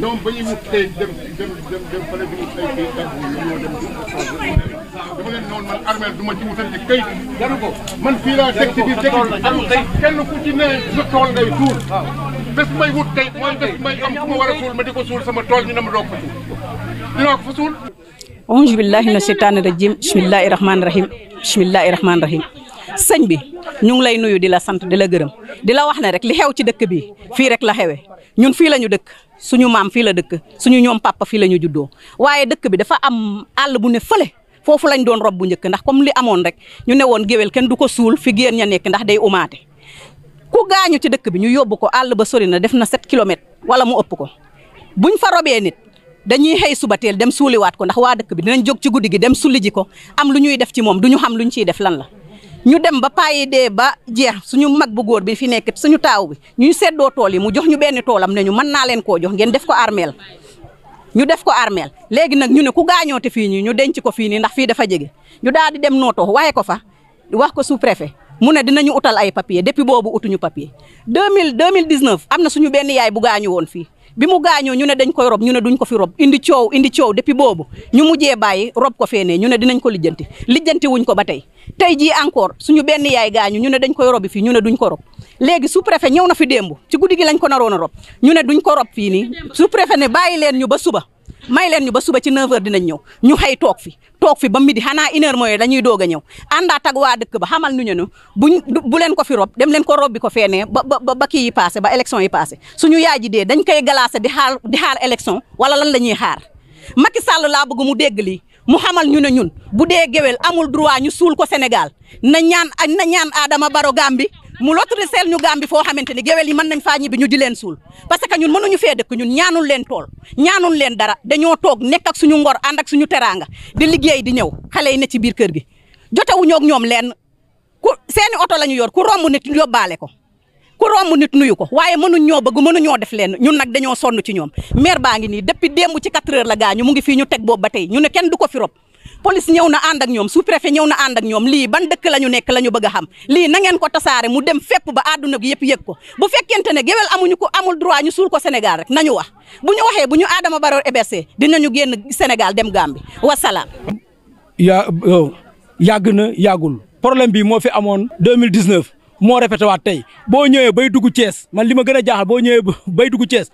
ñoom ba ñuy wut tey dem a tool ñu ne ma doog fa suul dinaa ko fa suul auzu billahi rahmaani rahim bismillahi rahmaani sëñ bi ñu ngi lay nuyu di la sant di la gërëm di la wax rek li xew ci dëkk bi fii rek la xewee ñun fii la ñu dëkk suñu maam fii la dëkk suñu ñoom papa fii la ñu juddoo waaye dëkk bi dafa am àll bu ne fële foofu lañ doon rob bu njëkk ndax comme li amoon rek ñu ne woon géwél kenn du ko suul fi géen ña nekk ndax day umaate ku gaañu ci dëkk bi ñu yóbbu ko àll ba sori na def na 7 kilomètres wala mu ëpp ko buñ fa robee nit dañuy xëy subateel teel dem suuliwaat ko ndax waa dëkk bi dinañ jóg ci guddi gi dem sulli ji ko am lu ñuy def ci moom du ñu xam lu ñu ciy def lan la ñu dem ba payi dee ba jeex suñu mag bu góor bi fi nekk suñu taaw bi ñu seddoo tool yi mu jox ñu benn toolam ne ñu mën naa leen koo jox ngeen def ko armeel ñu def ko armeel léegi nag ñu ne ku gaañoote fii nii ñu denc ko fii nii ndax fii dafa jege ñu daal di dem nooto waaye ko fa wax ko sous préfet mu ne dinañu utal ay papier depuis boobu utuñu papier deux mille deux mille dix neuf am na suñu benn yaay bu gaañu woon fii bi mu gaañoo ñu ne dañ koy rob ñu ne duñ ko fi rob indi coow indi coow depuis boobu ñu mujjee bàyyi rob ko feenee ñu ne dinañ ko lijjanti lijjanti wuñ ko ba tey tey jii encore suñu benn yaay gaañu ñu ne dañ koy robi fii ñu ne duñ ko rob léegi su préfet ñëw na fi démb ci guddi gi lañ ko naroon a rob ñu ne duñ ko rob fii nii su préfet ne bàyyi leen ñu ba suba may leen ñu ba suba ci 9h dinañ ñëw ñu xëy toog fi toog fi ba midi xanaa une heure mooy dañuy doog a ñëw àndaat ak waa dëkk ba xamal nu ñu ne buñ bu leen ko fi rob dem leen ko robbi ko feenee ba ba ba kii yi passé ba élection yi passé suñu yaay ji dee dañ koy galaase di xaar di xaar élection wala lan la ñuy xaar Macky Sall laa bëgg mu dégg lii mu xamal ñu ne ñun bu dee géwél amul droit ñu suul ko Sénégal na ñaan na ñaan Adama Baro Gambi mu lottriceel ñu Gàmbi foo xamante ni géwél yi mën nañ faa ñibbi ñu di leen suul parce que ñun mënuñu fee dëkk ñun ñaanul leen tool ñaanul leen dara dañoo toog nekk ak suñu ngor ànd ak suñu teraanga di liggéey di ñëw xale yi ne ci biir kër gi jotewuñoo ak ñoom leen ku seeni oto la ñu yor ku romb nit yóbbaale ko ku romb nit nuyu ko waaye mënuñ ñoo bëgg mënuñoo def leen ñun nag dañoo sonn ci ñoom maire baa ngi nii depuis démb ci 4 heures la gaañu mu ngi fii ñu ba tey ñu ne kenn du ko fi police ñëw na ànd ñoom su préfet ñëw na ànd ñoom lii ban dëkk la ñu nekk lañu ñu bëgg xam lii na ngeen ko tasaare mu dem fépp ba àdduna bi yëpp yëg ko bu fekkente ne géwél amuñu ko amul droit ñu suul ko Sénégal rek ñu wax bu ñu waxee bu ñu Adama Barrow EBC dinañu génn senegal dem Gambie wasalaam. yaa oh, yàgg na yàggul problème bi moo fi amoon 2019 moo répété waat tey boo ñëwee bay dugg Thiès man li ma gën a jaaxal boo ñëwee bay dugg Thiès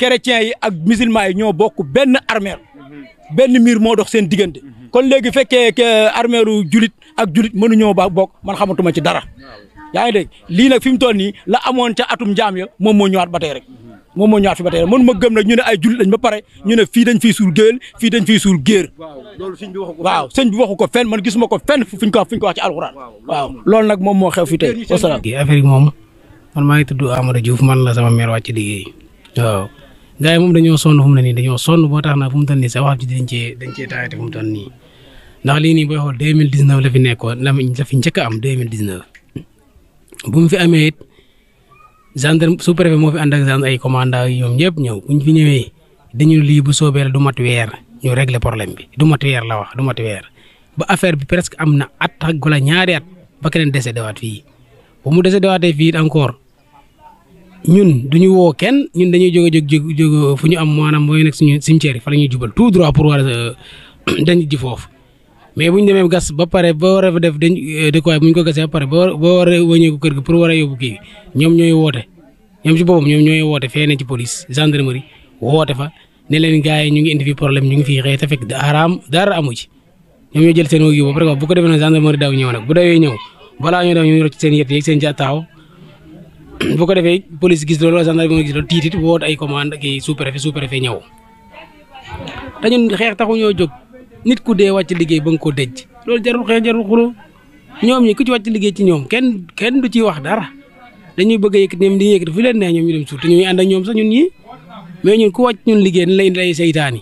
chrétiens yi ak musulmans yi ñoo bokk benn armeel benn miir moo dox seen diggante kon léegi fekkee armeeru julit ak julit mënuñoo ba bokk man xamatuma ci dara yaa ngi dégg lii nag fi mu toll nii la amoon ca atum njaam ya moom moo ñëwaat ba tey rek moom moo ñëwaat fi ma gëm nag ñu ne ay julit lañ ba pare ñu ne fii dañ fiy suul géwél fii dañ fiy suul géer waaw sëñ bi waxu ko fenn man gisuma ko fenn fu ñu ko fu ñu ko wax ci alxuraan waaw loolu nag moom moo xew fi tey wasalaam affaire moom man maa ngi tudd Amadou Diouf man la sama mère wàcc liggéey gars yi moom dañoo sonn fu mu ne nii dañoo sonn boo tax na fu mu toll nii sax wax ji dañ cee dañ cee taayate fu nii ndax lii nii booy xool deux mille dix la fi nekkoon la fi njëkk a am deux mille dix bu mu fi amee it su sous moo fi ànd ak gendarme ay commandant yi ñoom ñëpp ñëw bu ñu fi ñëwee dañu lii bu soobee la du mat weer ñu regle problème bi du mat weer la wax du mat weer ba affaire bi presque am na at ak wala ñaari at ba keneen décédé waat fii bu mu décédé waatee fii encore ñun du ñu woo kenn ñun dañuy jóge jóg jóg fu ñu am maanaam mooy nekk suñu cimetière yi fa la ñuy jubal tout droit pour war dañ ji foofu mais bu ñu demee gas ba pare ba war a def dañ euh, dëkkuwaay bu ñu ko gasee ba pare ba war a wëñeeku kër gi pour war a yóbbu kii ñoom ñooy woote ñoom ci boppam ñoom ñooy woote fee ne ci police gendarmerie woote fa ne leen gars yi ñu ngi indi fi problème ñu ngi fi xëy te fekk araam dara amu ci ñoom ñoo jël seen wëg yi ba pare bu ko defee nag gendarmerie daw ñëw nag bu dawee ñëw balaa ñoo daw seen yett bu ko defee police gis loolu gendarmerie gis loolu tiitit woot ay commande ki sous préfet sous préfet ñëw te xeex taxu ñoo jog nit ku dee wàcc liggéey ba nga ko dëj loolu jarul xeex jarul xulo ñoom ñi ku ci liggéey ci ñoom kenn kenn du ciy wax dara dañuy bëgg a yëkkati ñoom di yëkkati fu leen neex ñoom ñu dem suuf te ñuy ànd ak ñoom sax ñun ñi mais ñun ku wàcc ñun liggéey dañ lay indi ay seytaani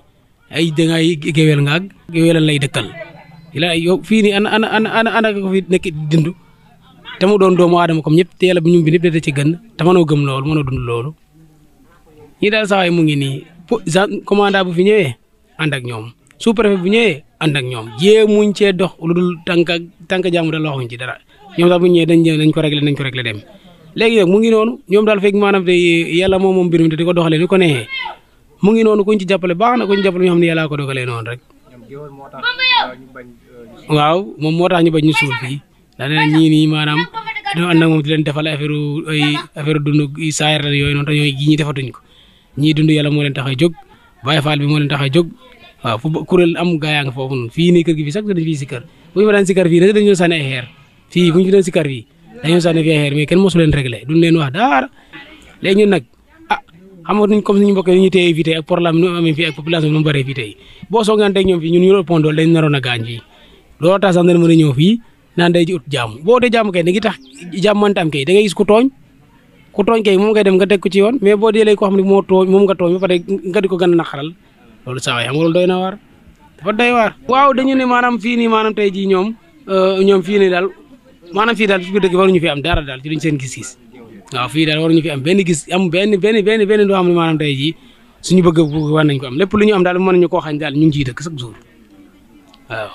ay dangay géwél ngaag géwélan lay dëkkal la yow fii nii ana ana ana ana ko fi nekk tamu mu doon doomu aadama kom ñëpp te yàlla bi ñu bi ñëpp da ci gën ta mëno gëm lool mëno dund lool ñi daal sawaay mu ngi ni commandant bu fi ñëwee and ak ñom sous préfet bu ñëwee and ak ñoom jéemuñ ci dox lu dul tank tànk jaamu da waxuñ ci dara ñom dal bu ñëwee dañ ñëw ko régler dañ ko régler dem légui nak mu ngi noonu ñom dal fekk manam te yalla mo mom birum diko doxale ni ko mu ngi noonu kuñ ci jappalé baax na kuñ jappalé ñoo xam yalla ko dogalé non rek euh, euh, waaw mom motax ñu bañ ñu suul fi danañ ñii nii maanaam dañoo ànd ak moom di leen defal affaire ay affaire dund saayar la yooyu noonu yooyu gii ñi defatuñ ko ñii dund yàlla mo leen tax a jóg bàyyi bi moo leen tax a jóg fu kuréel am gaa yaa nga foofu noonu fii nii kër gi fii sax dañ fii sikkar bu ñu fa daan sikkar fii dañoo sànni ay xeer fii bu ñu fi doon sikkar fii dañoo sànni fii ay xeer mais kenn mosu leen réglé duñ leen wax dara léegi ñun nag ah xam nga comme suñu mbokk yi ñu téye fii tey ak problème nu amee fii ak population nu mu bëree fii tey boo sooganteeg ñoom ñun ñu doon dañ naroon a fi tax sax dañ ñëw nan day ut jam bo de jam kay ngi tax jam mënta kay da ngay gis ku togn ku togn kay mo ngay dem nga tek ku ci yoon mais bo de lay ko xamni mo togn mom nga togn ba pare nga diko ko gën a naqaral loolu saa waay xam nga loolu doy na waar dafa doy waar. waaw dañu ne maanaam fii nii maanaam ñom jii ñoom euh, ñoom fii nii daal maanaam fii daal fii fi am dara dal ci luñu seen gis-gis waaw dal waru ñu fi am benn gis am benn benn benn benn do am ne maanaam tey jii suñu bëgg war nañ ko am lepp luñu am dal mën nañu ko xañ dal ñu ngi ci dëkk sax jour waaw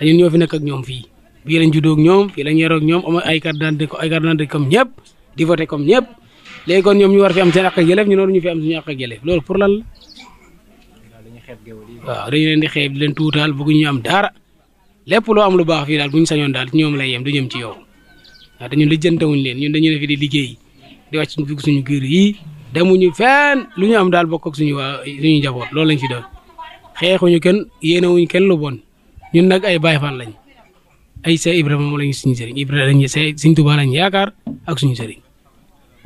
dañu ñoo fi nekk ak ñom fi bi lañ juddoo ak ñoom fii lañ yaroo ak ñoom am ay carte d'identité ay carte d'identité comme ñëpp di voté comme ñëpp kon ñoom ñu war fi am seen àq ak yelleef ñu noonu ñu fi am suñu àq ak yelleef loolu pour lan la dañu leen di xeeb di leen tuutaal bëgguñu ñu am dara lépp loo am lu baax fii daal bu ñu sañoon daal ñoom lay yem du ñëm ci yow waaw lijjantewuñ leen ñun dañu ne di liggéey di wàcc suñu suñu kër yi demuñu fenn lu ñu am daal bokk ak suñu waa suñu njaboot loolu lañ fi doon xeexuñu kenn yéenewuñ kenn lu bon ñun nag ay Baay Faal lañ ay say ibrahima mo lañu suñu sëriñ ibrahima lañu say señ touba lañu yaakar ak suñu sëriñ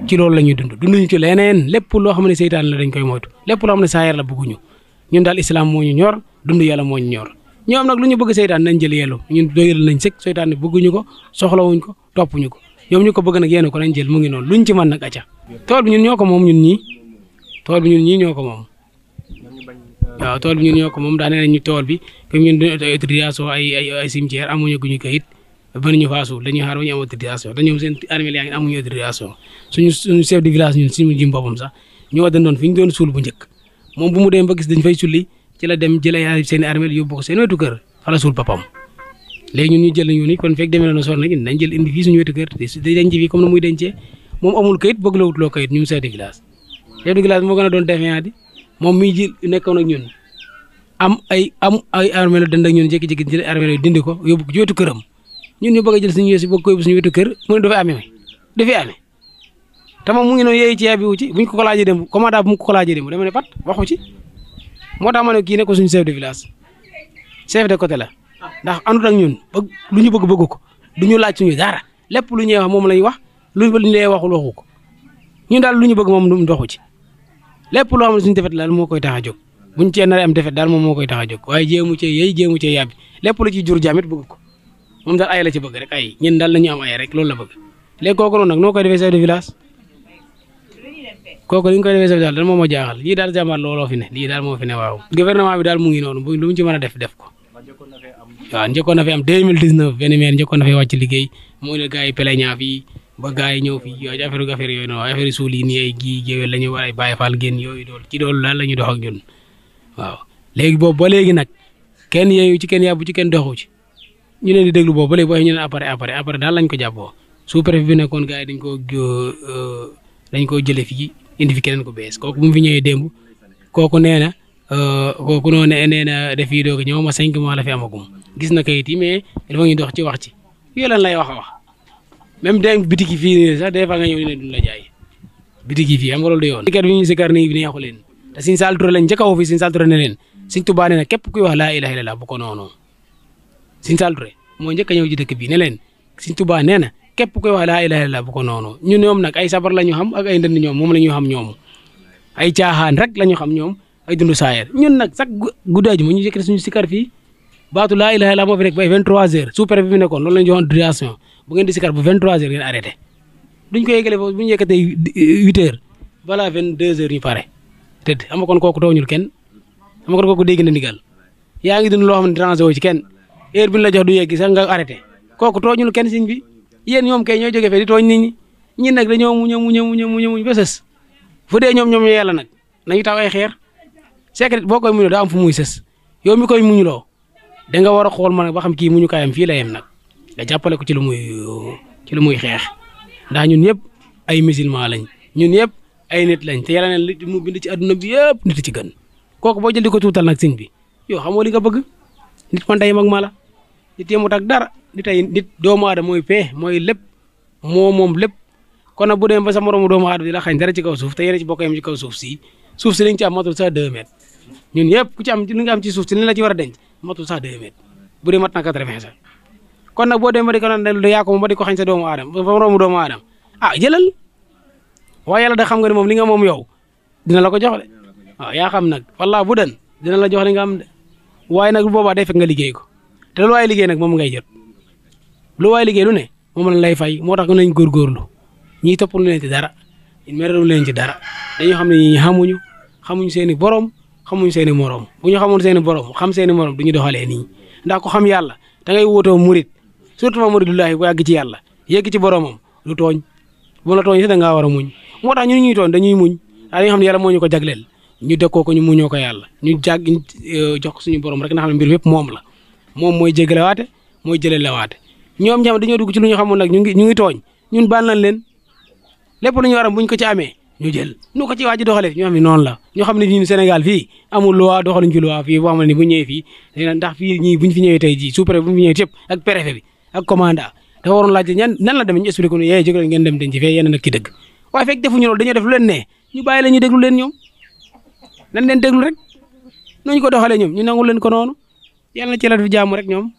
ci loolu lañu dund dunduñu ci leneen lepp lo xam seytan la dañ koy moytu lepp lo xam sayer saayar la bëgguñu ñun dal islam moñu ñor dund yalla moñu ñor ñoom nak luñu bëgg seytan nañ jël yellu ñun doyal nañ sëkk seytaan bëgguñu ko wuñ ko toppuñu ko ñoom ñuko bëgg nak yéen ko lañ jël mu ngi non luñ ci man nak acca tool bi ñun ñoko mom ñun ñi tool bi ñun ñi ñoko mom waaw tool bi ñun ñoo ko moom daa nee nañ ñu tool bi comme ñun dañoo ay autorisation ay ay ay cimetière amuñu kayit ba ñu faa suul dañuy ñu am autorisation te ñoom seen armée yaa ngi amuñu autorisation ñun ñu doon suul bu njëkk moom bu mu dem ba gis dañ fay sulli ci la ko seen wetu kër fa la suul papam léegi ñun ñu jël ñu ni kon fekk demee fii suñu na muy dencee moom amul kayit bëgg la wutloo kayit ñun chef de village chef de village moo moom mi ji nekkoon ak ñun am ay am ay armée la dend ak ñun jékki-jékki jël armée dindi ko yóbbu ko wetu këram ñun ñu bëgg a jël suñu yées yi bëgg ko yóbbu suñu wetu kër mu ne ame amee dafay amee te moom mu ngi noonu yéeyi ci yaay bi wu ci buñ ko ko laajee démb bum bu mu ko ko laajee démb dama ne pat waxu moo tax ma ne kii nekk suñu chef de village chef de côté la ndax àndut ak ñun bëgg lu ñu bëgg bëgg ko du ñu laaj suñu dara lépp lu ñuy wax moom la wax lu ñu lay waxul waxu ko ñun daal lu ñu bëgg moom du doxu ci lépp loo xam ne suñu defet daal moo koy tax a jóg buñ cee nar am defet daal moom moo koy tax a jóg waaye jéemu cee yey jéemu cee yàbbi lépp lu jur jaamit bëgg ko moom daal ay la ci bëgg rek ay ñun daal rek loolu la bëgg léegi kooku noonu nag noo koy defee chef de village kooku li koy defee chef de village daal moom moo jaaxal lii daal jàmbaar looloo fi ne lii daal moo fi ne waaw gouvernement bi daal ngi noonu lu mu ci def def ko waaw njëkkoon na fi am 2019 benn maire njëkkoon na ba gars yi ñëw fii yooyu affaire affaire yooyu noonu affaire suul yi nii ay gii yooyu dool ci doolu daal la ñu ñun waaw léegi boobu ba léegi nag kenn yeeyu ci kenn yàbbu ci kenn doxu ci ñu leen di déglu boobu ba léegi boo ñu leen après après après daal lañ ko jàppoo sous-préfet bi nekkoon gars yi dañ koo euh, dañ koo jële fii indi fi keneen ko bees kooku bu mu fi ñëwee démb kooku nee na euh, kooku noonu nee na def yi doog ñëw ma cinq mois la fi amagum gis na kayit yi mais dafa ñu dox ci wax ci yooyu lan lay wax a wax même day biti fii nii sax des fois nga ñëw ne duñ la jaay bitiki fii am yoon. sikar bi ñu sikar nii bi leen te Sëñ Saaliw Ture lañ njëkk a woo fii Sëñ Saaliw Ture ne na képp kuy wax laa ilaaha illallaah bu ko noonu Sëñ moo njëkk ñëw ci dëkk bi ne leen Sëñ Tuubaa nee na képp kuy wax laa ilaaha illallaah bu ko noono ñun ñoom nag ay sabar la ñu xam ak ay ndënd ñoom moom la ñu xam ñoom ay caaxaan rek la ñu xam ñoom ay dund saayer ñun nag sax guddaaju ma ñu yëkkati suñu sikar fii baatu laa ilaha illa moo fi nekk ba ay 23h sous-préfet bi fi nekkoon loolu la ñu joxoon duration bu ngeen di sikar bu 23h ngeen arrêté duñ ko yëgalee foofu bu ñu yëkkatee 8h balaa 22h ñu pare tëdd xam nga kon kooku tooñul kenn xam nga kon ko dégg na ndigal yaa ngi dund loo xam ne dérangé wu ci kenn heure bi la jox du yegg sax nga arrêté kooku tooñul kenn siñ bi yéen ñoom kay ñoo jógee fee di tooñ nit ñi ñi nag dañoo muñ a muñ a muñ a muñ a muñ ba sës fu dee ñoom ñoom yàlla nag nañu taw ay xeer secret boo koy muñoo daa am fu muy sës yow mi koy muñuloo da nga war a xool man ba xam kii muñu kaayam fii la yem nag nga jàppale ko ci lu muy ci lu muy xeex ndax ñun ñëpp ay musulman lañ ñun ñëpp ay nit lañ te yàlla ne li mu bind ci àdduna bi yëpp nit ci gën kooku boo jël di ko tuutal nag sëñ bi yow xamoo li nga bëgg nit man day mag mala nit yemut ak dara nit ay nit doomu aadama mooy pee mooy lépp moo moom lépp kon nag bu ba sa moromu doomu aadama di xañ dara ci kaw suuf te yéen ci ci kaw suuf si suuf si liñ ci am matul sa deux mètres ñun yëpp ku ci am li nga am ci suuf si li la ci war a matu sa deux mètres bu mat na quatre vingt sax kon nag bo dem bari di ko naan ne ko moom ba ko xañ sa doomu adam ba romu doomu adam ah jeelal wa yalla da xam nga mom li nga mom yow dina la ko joxale de ya xam nak wallaahi bu den dina la jox li nga am de waaye nag bu day fekk nga liggéey ko te lu way liggéey nak mom ngay jot lu way liggéey lu ne mom la lay fay motax tax nañ gor ñiy ñi topul leen ci dara meralu leen ci dara dañu xam ni ñi xamuñu xamuñu seeni borom xamuñ seeni morom buñu ñu xamul seeni borom xam seeni morom duñu doxale ni ndax ko xam yalla da ngay woto murid surtout ma muridullahi ku yàgg ci yalla yegg ci boromam du togn bu la togn da nga wara a muñ motax ñu ñuy togn dañuy muñ daa nga xam yalla moñu ko jagleel ñu dekkoo ko ñu muñoo ko yàlla ñu jàgg euh, jox suñu borom rek na xam ne mbir yëpp moom la moom mooy jéggalewaate mooy jëlelewaate ñoom ñam dañoo dugg ci lu ñu xamul nag ñu ngi ñu ngi tooñ ñun baal lan leen lépp lu ñu waram buñ ko ci amee ñu jël nu ko ci waa ji doxalee ñu xam ne noonu la ñu xam ne ñun Sénégal fii amul loi doxaluñ ci loi fii boo xam ne bu ñëwee fii ndax fii ñii buñ fi ñëwee tey jii sous-préfet bu ñu fi ñëwee yëpp ak préfet ñan nan la demee ñu expliqué ko eh, ngeen dem denc fee yéen nag ki dëgg waaye fekk defuñu loolu dañoo def lu leen ne ñu bàyyi la ñu déglu leen ñoom nan leen déglu rek noonu ñu ko doxalee ñoom ñu nangul leen ko noon yal na ci la def jàmm rek ñoom